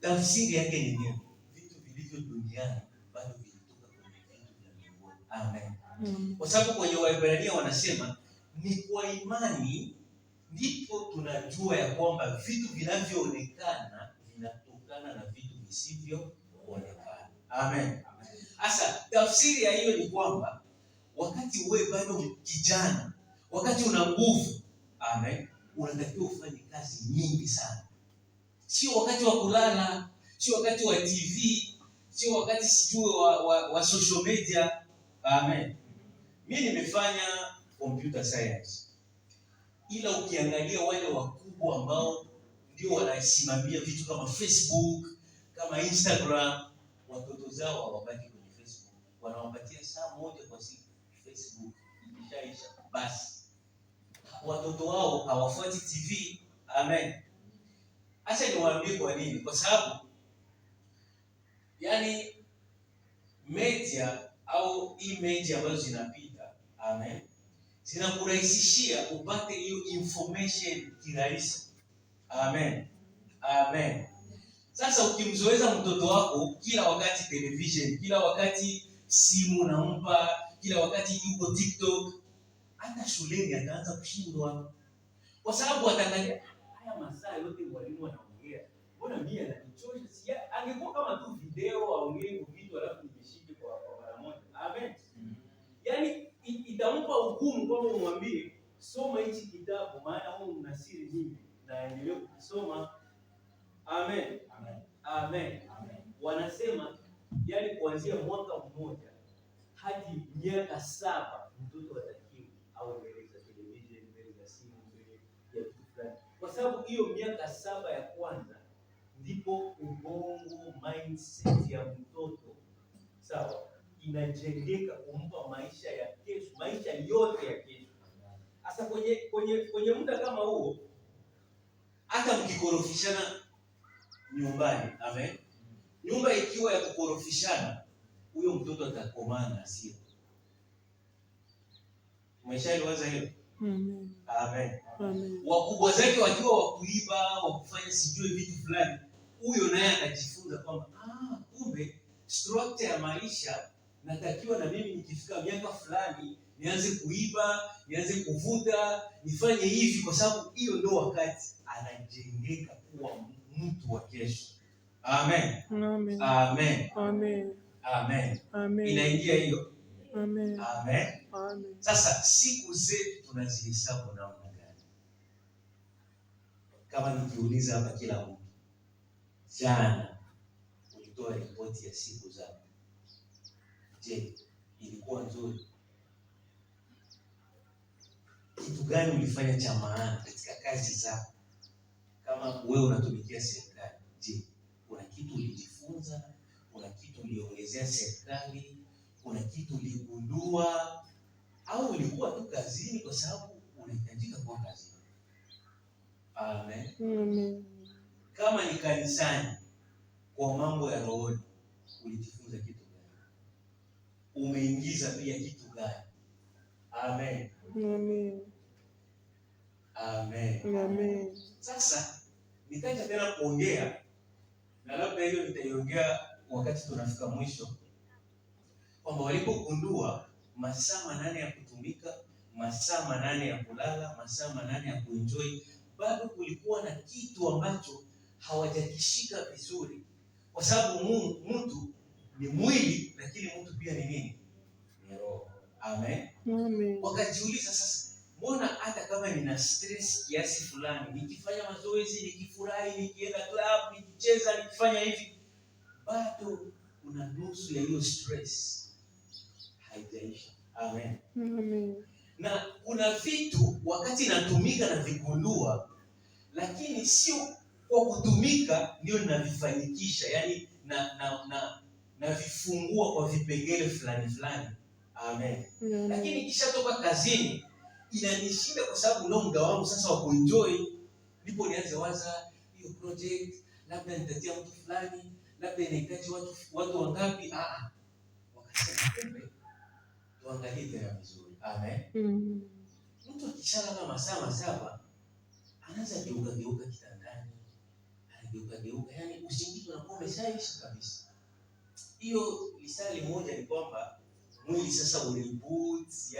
Tafsiri yake ni nini? Vitu vilivyo duniani bado vilitoka kwenye vitu vya mbinguni. Amen. Mm. Kwa sababu kwenye Waebrania wanasema ni kwa imani ndipo tunajua ya kwamba vitu vinavyoonekana vinatokana na vitu visivyoonekana. Amen. Sasa tafsiri ya hiyo ni kwamba wakati wewe bado kijana, wakati una nguvu, amen, unatakiwa ufanye kazi nyingi sana sio wakati wa kulala, sio wakati wa TV, sio wakati sijue wa, wa, wa social media. Amen. Mimi nimefanya computer science, ila ukiangalia wale wakubwa ambao ndio wanasimamia vitu kama Facebook kama Instagram, watoto zao hawabaki kwenye Facebook, wanawapatia saa moja kwa siku Facebook ikishaisha basi, watoto wao hawafuati TV. Amen. Acha niwaambie kwa nini, kwa sababu yani media au image ambazo zinapita amen, zinakurahisishia upate hiyo information kirahisi amen, amen. Sasa ukimzoeza mtoto wako kila wakati television, kila wakati simu nampa, kila wakati yuko TikTok, hata shuleni ataanza kushindwa kwa sababu ataangalia haya masaa yote mwalimu anaongea, mbona mimi ananichosha? Si angekuwa kama tu video aongee vitu alafu nimeshike kwa kwa mara moja. Amen. Mm Yaani itampa ugumu kwamba umwambie soma hichi kitabu maana huu una siri nyingi na endelee kusoma. Amen. Amen. Amen. Amen. Wanasema yaani kuanzia mwaka mmoja hadi miaka saba mtoto atakiwa au sababu hiyo miaka saba ya kwanza ndipo ubongo mindset ya mtoto sawa, inajengeka kumpa maisha ya kesho, maisha yote ya kesho. Sasa kwenye kwenye kwenye muda kama huo, hata mkikorofishana nyumbani, amen, nyumba ikiwa ya kukorofishana, huyo mtoto atakomaa sio? hasira. Umeshaliwaza Amen. Wakubwa zake wakiwa wakuiba, wakufanya sijui vitu fulani, huyo naye anajifunza kwamba ah, kumbe structure ya maisha natakiwa na mimi nikifika miaka fulani nianze kuiba, nianze kuvuta, nifanye hivi, kwa sababu hiyo ndio wakati anajengeka kuwa mtu wa kesho. Amen. Amen. Amen. Amen. Amen. Amen. Inaingia hiyo Amen. Amen. Amen. Sasa siku zetu tunazihesabu namna gani? Kama nikiuliza hapa kila mtu, jana ulitoa ripoti ya siku zako, je, ilikuwa nzuri? Kitu gani ulifanya cha maana katika kazi zako? Kama wewe unatumikia serikali, je, kuna kitu ulijifunza? Kuna kitu uliongezea serikali? Kuna kitu uligundua au ulikuwa tu kazini kwa sababu unahitajika kuwa kazini? Amen. Amen. Kama ni kanisani kwa mambo ya rohoni ulijifunza kitu gani? Umeingiza pia kitu gani? Amen. Amen. Amen. Amen. Sasa nitaja tena kuongea na labda hiyo nitaiongea wakati tunafika mwisho kwamba walipogundua masaa manane ya kutumika, masaa manane ya kulala, masaa manane ya kuenjoy, bado kulikuwa na kitu ambacho hawajakishika vizuri, kwa sababu mtu ni mwili, lakini mtu pia ni nini? Ni roho. Amen. Amen. Wakajiuliza sasa, mbona hata kama nina stress kiasi fulani, nikifanya mazoezi, nikifurahi, nikienda club, nikicheza, nikifanya hivi, bado kuna nusu ya hiyo stress haijaisha. Amen. Amen. Na kuna vitu wakati inatumika navigundua, lakini sio kwa kutumika ndio navifanikisha, yaani na na na navifungua kwa vipengele fulani fulani. Amen. Amen. Lakini ikishatoka kazini inanishinda kwa sababu ndio muda wangu sasa wa kuenjoy, ndipo nianze waza hiyo project, labda nitatia mtu fulani, labda inahitaji watu watu wangapi? Ah, ah uangalie tena vizuri. Amen. Mm. Mtu akishala kama masaa masaba anaanza geuka geuka kitandani, anageuka geuka, yani usingizi unakuwa umeshaisha kabisa. Hiyo misali moja ni kwamba mwili sasa ulibuti